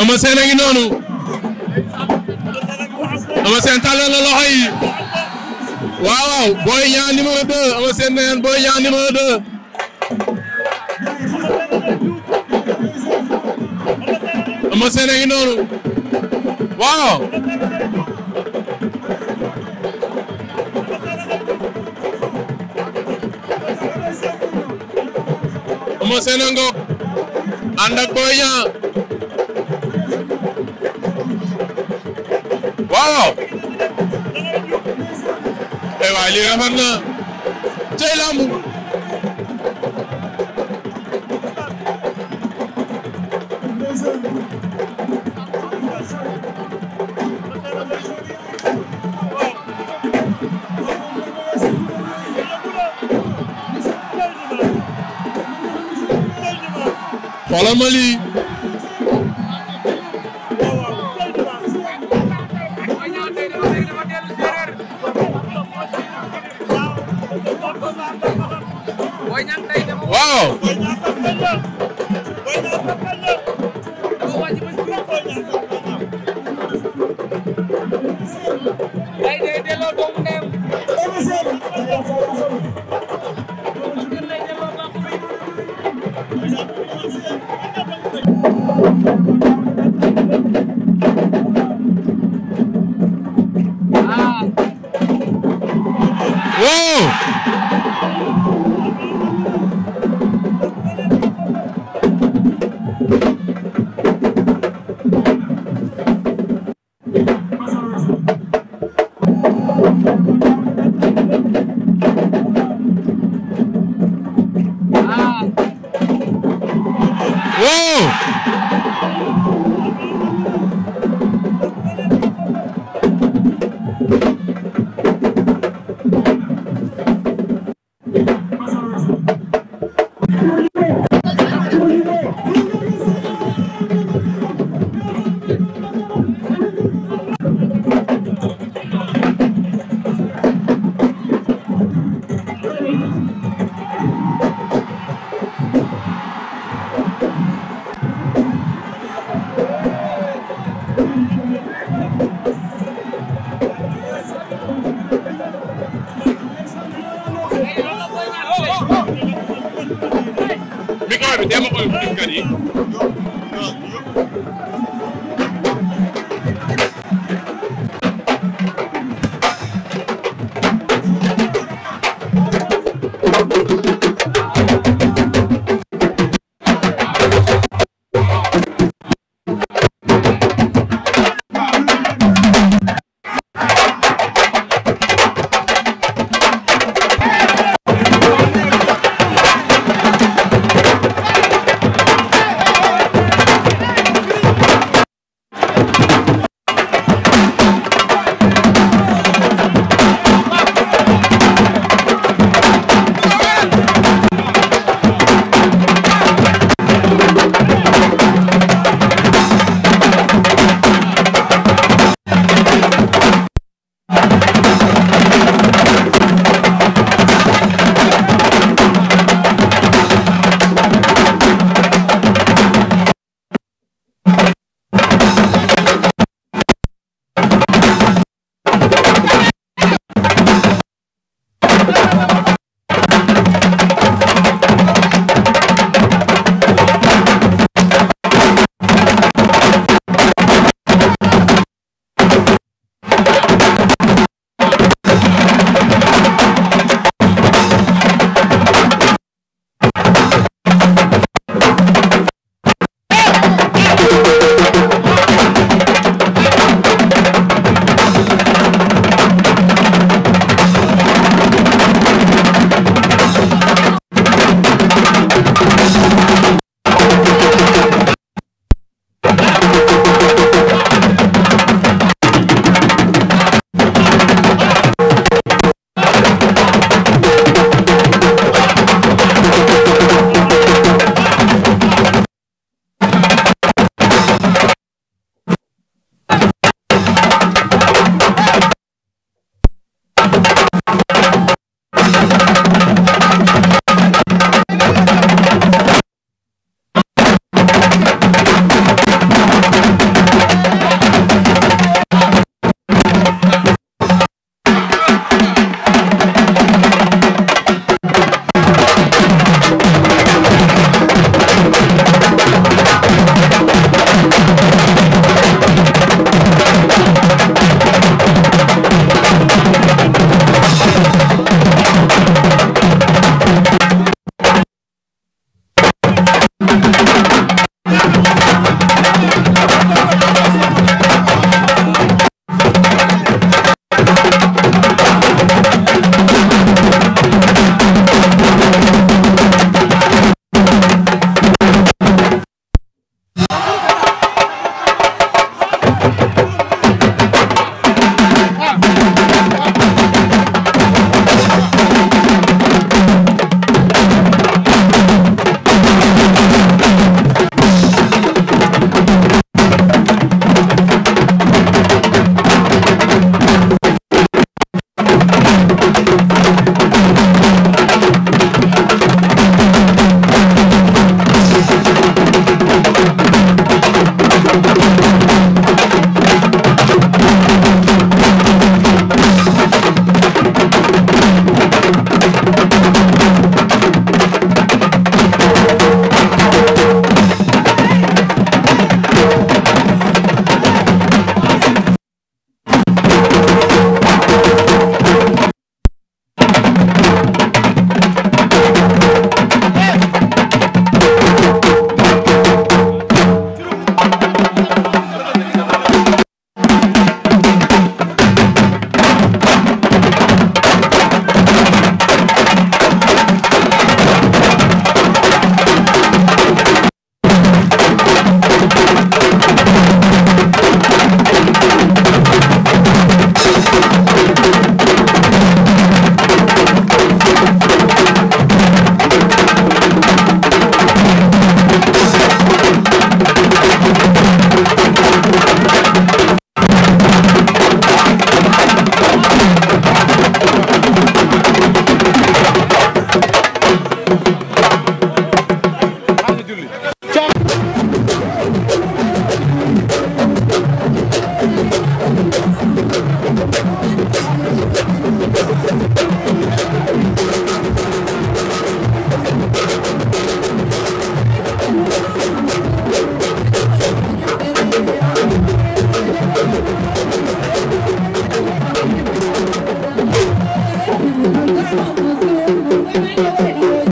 Eumeu Sène a ngi noonu Eumeu Sène tàllal la loxo yi waaw waaw Boy Niang numéro 2 Eumeu Sène na ngeen Boy Niang numéro 2 Eumeu Sène a ngi noonu waaw Eumeu Sène a ngoog ànd ak Boy Niang waaw. eh waay lii rafet na. tey lamb. xoolal ma lii waaw. Thank you. micro bi dee ma koy fukkat yi Thank you.